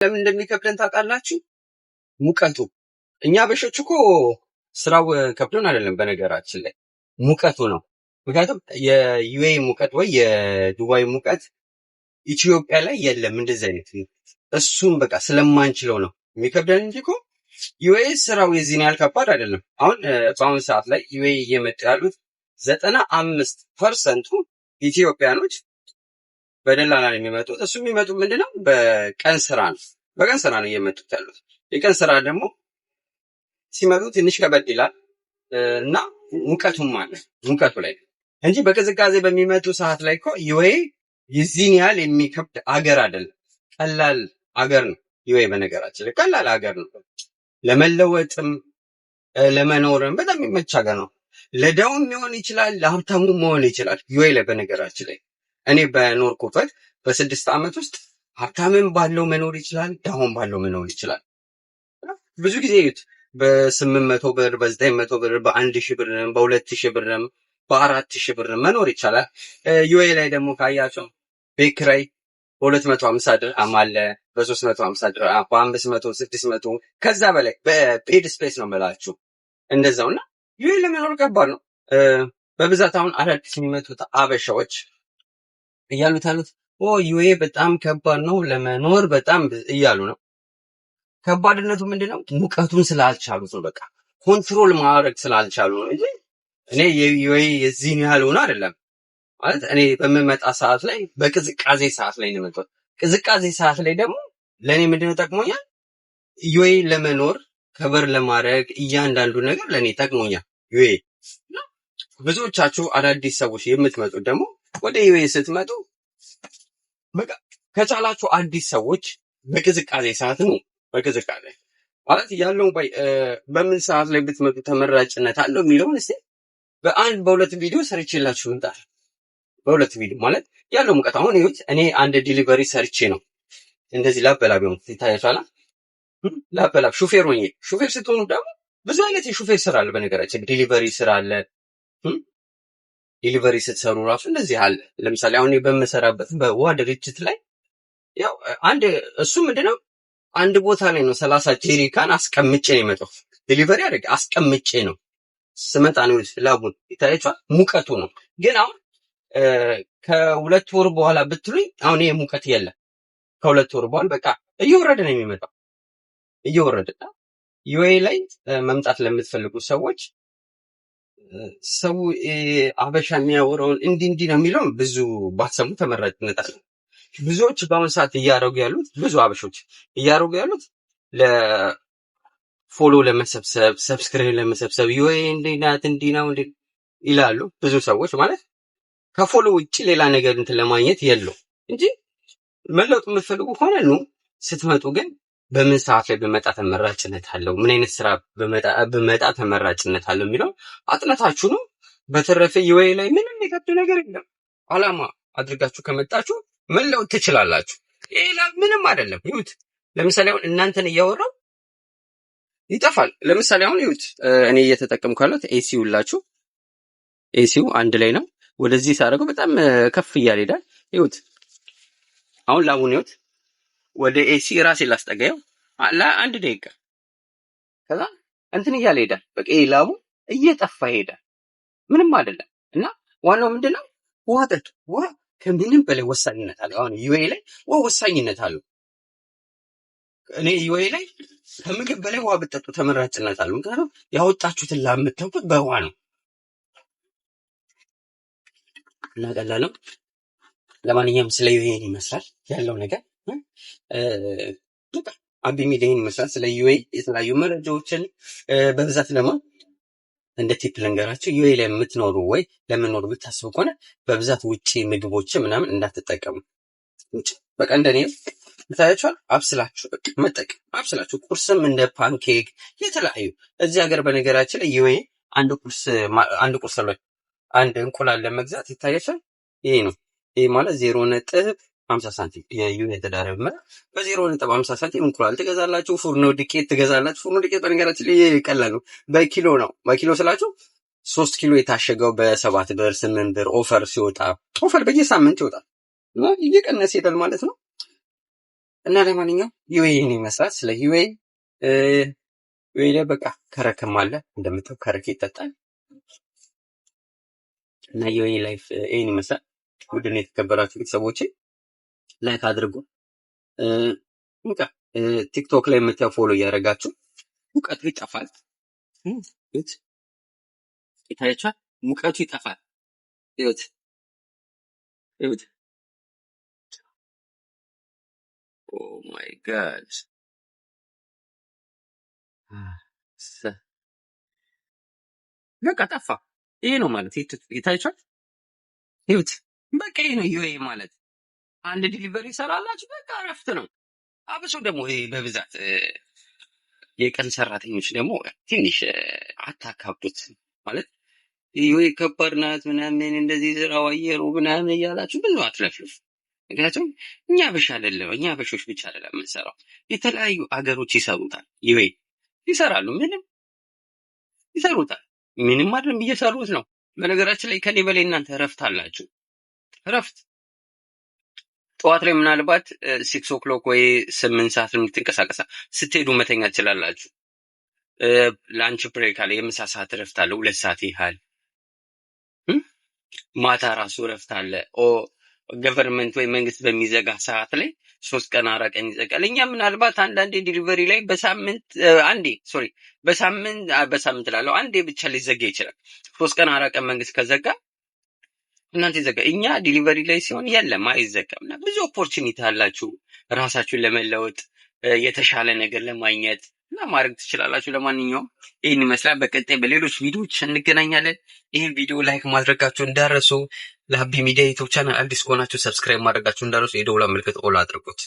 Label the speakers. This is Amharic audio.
Speaker 1: ለምን እንደሚከብደን ታውቃላችሁ? ሙቀቱ። እኛ አበሾች እኮ ስራው ከብዶን አይደለም፣ በነገራችን ላይ ሙቀቱ ነው። ምክንያቱም የዩኤ ሙቀት ወይ የዱባይ ሙቀት ኢትዮጵያ ላይ የለም፣ እንደዚህ አይነት እሱም በቃ ስለማንችለው ነው የሚከብደን እንጂ እኮ ዩኤ ስራው የዚህን ያህል ከባድ አይደለም። አሁን በአሁን ሰዓት ላይ ዩኤ እየመጡ ያሉት ዘጠና አምስት ፐርሰንቱ ኢትዮጵያኖች በደላላ ነው የሚመጡት። እሱ የሚመጡ ምንድነው በቀን ስራ ነው፣ በቀን ስራ ነው እየመጡት ያሉት። የቀን ስራ ደግሞ ሲመጡ ትንሽ ከበድ ይላል እና ሙቀቱም አለ ሙቀቱ ላይ እንጂ በቅዝቃዜ በሚመጡ ሰዓት ላይ እኮ ይወይ ይዚህን ያህል የሚከብድ አገር አይደለም። ቀላል አገር ነው ይወይ። በነገራችን ቀላል አገር ነው ለመለወጥም ለመኖርም በጣም የሚመች ሀገር ነው። ለደውም ሊሆን ይችላል፣ ለሀብታሙ መሆን ይችላል ይወይ ላይ በነገራችን ላይ እኔ በኖር ቁጥር በስድስት ዓመት ውስጥ ሀብታምን ባለው መኖር ይችላል፣ ዳሁን ባለው መኖር ይችላል። ብዙ ጊዜ እዩት። በስምንት መቶ ብር በዘጠኝ መቶ ብር በአንድ ሺህ ብርም በሁለት ሺህ ብርም በአራት ሺህ ብርም መኖር ይቻላል። ዩኤ ላይ ደግሞ ካያቸው ቤት ኪራይ በሁለት መቶ ሀምሳ ድርሃም አለ፣ በሶስት መቶ ሀምሳ ድርሃም፣ በአምስት መቶ ስድስት መቶ ከዛ በላይ በፔድ ስፔስ ነው የምላችሁ እንደዛው እና ዩኤ ለመኖር ከባድ ነው። በብዛት አሁን አዳዲስ የሚመቱት አበሻዎች እያሉት ያሉት ኦ ዩኤ በጣም ከባድ ነው ለመኖር በጣም እያሉ ነው። ከባድነቱ ምንድነው? ሙቀቱን ስላልቻሉት ነው። በቃ ኮንትሮል ማድረግ ስላልቻሉ ነው እንጂ እኔ የዩኤ የዚህን ያህል ሆኖ አይደለም ማለት እኔ በምመጣ ሰዓት ላይ በቅዝቃዜ ሰዓት ላይ ነው ቅዝቃዜ ሰዓት ላይ ደግሞ ለእኔ ምንድነው ጠቅሞኛል? ዩኤ ለመኖር ከበር ለማድረግ እያንዳንዱ ነገር ለእኔ ጠቅሞኛል ዩኤ ብዙዎቻችሁ አዳዲስ ሰዎች የምትመጡት ደግሞ ወደ ኢቤ ስትመጡ በቃ ከቻላችሁ አዲስ ሰዎች በቅዝቃዜ ሰዓት ነው። በቅዝቃዜ ማለት ያለውን በምን ሰዓት ላይ ብትመጡ ተመራጭነት አለው የሚለውን እስኪ በአንድ በሁለት ቪዲዮ ሰርቼላችሁ ልምጣል። በሁለት ቪዲዮ ማለት ያለው ሙቀት አሁን ይሁት እኔ አንድ ዲሊቨሪ ሰርቼ ነው እንደዚህ ላበላብ ሆን ይታያችኋል። ላበላብ ሹፌር ሆኜ ሹፌር ስትሆኑ ደግሞ ብዙ አይነት የሹፌር ስራ አለ። በነገራችን ዲሊቨሪ ስራ አለ ዲሊቨሪ ስትሰሩ ራሱ እንደዚህ አለ። ለምሳሌ አሁን በምሰራበት በዋ ድርጅት ላይ ያው አንድ እሱ ምንድነው አንድ ቦታ ላይ ነው ሰላሳ ጄሪካን አስቀምጬ ነው የመጣው። ዲሊቨሪ አደግ አስቀምጬ ነው ስመጣ ነው ላቡን ይታያቸዋል። ሙቀቱ ነው ግን አሁን ከሁለት ወር በኋላ ብትሉኝ አሁን ይሄ ሙቀት የለም። ከሁለት ወር በኋላ በቃ እየወረደ ነው የሚመጣው እየወረደ ዩኤ ላይ መምጣት ለምትፈልጉ ሰዎች ሰው አበሻ የሚያወራውን እንዲህ እንዲህ ነው የሚለውን ብዙ ባትሰሙ ተመራጭነት አለ። ብዙዎች በአሁኑ ሰዓት እያደረጉ ያሉት ብዙ አበሾች እያደረጉ ያሉት ለፎሎ ለመሰብሰብ ሰብስክሪን ለመሰብሰብ ወይ እንዲናት ናት እንዲህ ነው እንዲህ ይላሉ ብዙ ሰዎች ማለት ከፎሎ ውጭ ሌላ ነገር እንትን ለማግኘት የለው እንጂ መለወጥ የምትፈልጉ ከሆነ ኑ። ስትመጡ ግን በምን ሰዓት ላይ በመጣ ተመራጭነት አለው፣ ምን አይነት ስራ በመጣ ተመራጭነት አለው የሚለው አጥነታችሁ ነው። በተረፈ የወይ ላይ ምንም የከብድ ነገር የለም። አላማ አድርጋችሁ ከመጣችሁ መለወጥ ትችላላችሁ። ሌላ ምንም አይደለም። ይሁት ለምሳሌ አሁን እናንተን እያወራው ይጠፋል። ለምሳሌ አሁን ይሁት እኔ እየተጠቀምኩ ያለሁት ኤሲ ሁላችሁ ኤሲው አንድ ላይ ነው። ወደዚህ ሳደርገው በጣም ከፍ እያል ሄዳል። ይሁት አሁን ላቡን ይሁት ወደ ኤሲ ራሴ ላስጠጋየው ለአንድ ደቂቃ ከዛ እንትን እያለ ሄዳል። በቃ ላቡ እየጠፋ ሄዳል። ምንም አይደለም። እና ዋናው ምንድነው ውሃ ጠጡ። ውሃ ከምንም በላይ ወሳኝነት አለ አሁን ዩኤ ላይ ውሃ ወሳኝነት አለ እኔ ዩኤ ላይ ከምግብ በላይ ውሃ ብጠጡ ተመራጭነት አለ ምክንያቱም ያወጣችሁትን ላብ የምታውቁት በውሃ ነው እና ቀላል ለማንኛውም ስለ ዩኤን ይመስላል ያለው ነገር አቢ ሚዲያን ይህን ይመስላል። ስለ ዩኤ የተለያዩ መረጃዎችን በብዛት ደግሞ እንደ ቲፕ ልንገራችሁ። ዩኤ ላይ የምትኖሩ ወይ ለምኖሩ ብታስቡ ከሆነ በብዛት ውጭ ምግቦች ምናምን እንዳትጠቀሙ። ውጪ በቃ እንደኔ ታያችኋል። አብስላችሁ በቃ መጠቀም አብስላችሁ፣ ቁርስም እንደ ፓንኬክ የተለያዩ እዚህ ሀገር በነገራችን ላይ ዩኤ አንድ ቁርስ አንድ ቁርስ ላይ አንድ እንቁላል ለመግዛት ይታያችኋል። ይሄ ነው ይሄ ማለት ዜሮ ነጥብ 50 ሳንቲም የዩናይትድ አረብ በዜሮ ነጥብ 50 ሳንቲም እንቁላል ትገዛላችሁ። ፉርኖ ዱቄት ትገዛላችሁ። ፉርኖ ዱቄት በነገራችን ላይ ቀላል ነው፣ በኪሎ ነው። በኪሎ ስላችሁ ሶስት ኪሎ የታሸገው በሰባት ብር ስምንት ብር ኦፈር ሲወጣ ኦፈር በየሳምንት ይወጣል እና እየቀነሰ ይሄዳል ማለት ነው። እና ለማንኛውም ዩኤን ይመስላል። ስለ ዩኤን ዩኤ ላይ በቃ ከረክም አለ እንደምታው ከረክ ይጠጣል እና ዩኤ ላይፍ ይህን ይመስላል። ውድን የተከበራችሁ ቤተሰቦቼ ላይክ አድርጉ። ቲክቶክ ላይ የምታየው ፎሎ እያደረጋችሁ ሙቀቱ ይጠፋል። ይታያችኋል። ሙቀቱ ይጠፋል። ይኸውት ይኸውት። ኦ ማይ ጋድ በቃ ጠፋ። ይሄ ነው ማለት ይታያችኋል። ይሁት በቃ ይሄ ነው ዩኤ ማለት አንድ ዲሊቨሪ ይሰራላችሁ፣ በቃ እረፍት ነው። አብሶ ደግሞ ይሄ በብዛት የቀን ሰራተኞች ደግሞ ትንሽ አታካብዱት ማለት ወይ ከባድ ናት ምናምን እንደዚህ ስራው አየሩ ምናምን እያላችሁ ብዙ አትለፍልፍ። ምክንያቱም እኛ በሻ አይደለም እኛ በሾች ብቻ አይደለም የምንሰራው የተለያዩ አገሮች ይሰሩታል። ይወይ ይሰራሉ፣ ምንም ይሰሩታል። ምንም አይደለም እየሰሩት ነው። በነገራችን ላይ ከኔ በላይ እናንተ እረፍት አላችሁ። እረፍት ጠዋት ላይ ምናልባት ሲክስ ኦክሎክ ወይ ስምንት ሰዓት የምትንቀሳቀሳ ስትሄዱ መተኛ ትችላላችሁ። ለአንቺ ብሬክ አለ፣ የምሳ ሰዓት እረፍት አለ፣ ሁለት ሰዓት ያህል ማታ ራሱ እረፍት አለ። ኦ ገቨርንመንት ወይ መንግስት በሚዘጋ ሰዓት ላይ ሶስት ቀን አራት ቀን ይዘጋል። እኛ ምናልባት አንዳንዴ ዲሊቨሪ ላይ በሳምንት አንዴ ሶሪ በሳምንት በሳምንት ላለው አንዴ ብቻ ሊዘጋ ይችላል። ሶስት ቀን አራት ቀን መንግስት ከዘጋ እናንተ ይዘጋ እኛ ዲሊቨሪ ላይ ሲሆን የለም አይዘጋም። እና ብዙ ኦፖርቹኒቲ አላችሁ ራሳችሁን ለመለወጥ የተሻለ ነገር ለማግኘት እና ማድረግ ትችላላችሁ። ለማንኛውም ይህን ይመስላል። በቀጣይ በሌሎች ቪዲዮዎች እንገናኛለን። ይህን ቪዲዮ ላይክ ማድረጋችሁ እንዳረሱ፣ ለሀቢ ሚዲያ ዩቱብ ቻናል አዲስ ከሆናችሁ ሰብስክራይብ ማድረጋችሁ እንዳረሱ፣ የደውል ምልክት ኦል አድርጉት።